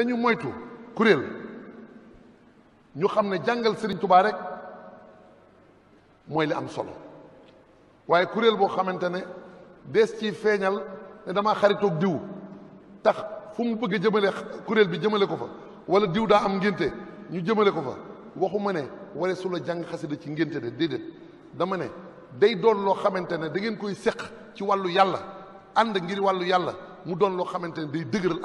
ñu moytu kuréel ñu xam ne jàngal Serigne tubaa rek mooy li am solo waaye kuréel boo xamante ne dees ci feeñal ne damaa xaritoog diw tax fu mu bëgg a jëmale kuréel bi jëmale ko fa wala diw daa am ngénte ñu jëmale ko fa waxuma ne ware su la jàng xasida ci ngénte de déedéet dama ne day doon loo xamante ne dangeen koy seq ci wàllu yàlla ànd ngir wàllu yàlla mu doon loo xamante ne day dëgëral